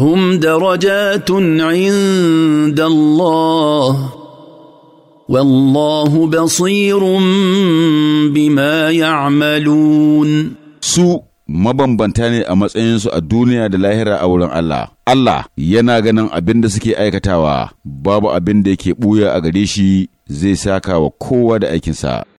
هم درجات عند الله والله بصير بما يعملون سوء mabambanta ne a matsayinsu a duniya da lahira a wurin Allah. Allah yana ganin abin da suke aikatawa, babu abin da yake ɓuya a gare shi zai saka wa kowa da aikinsa.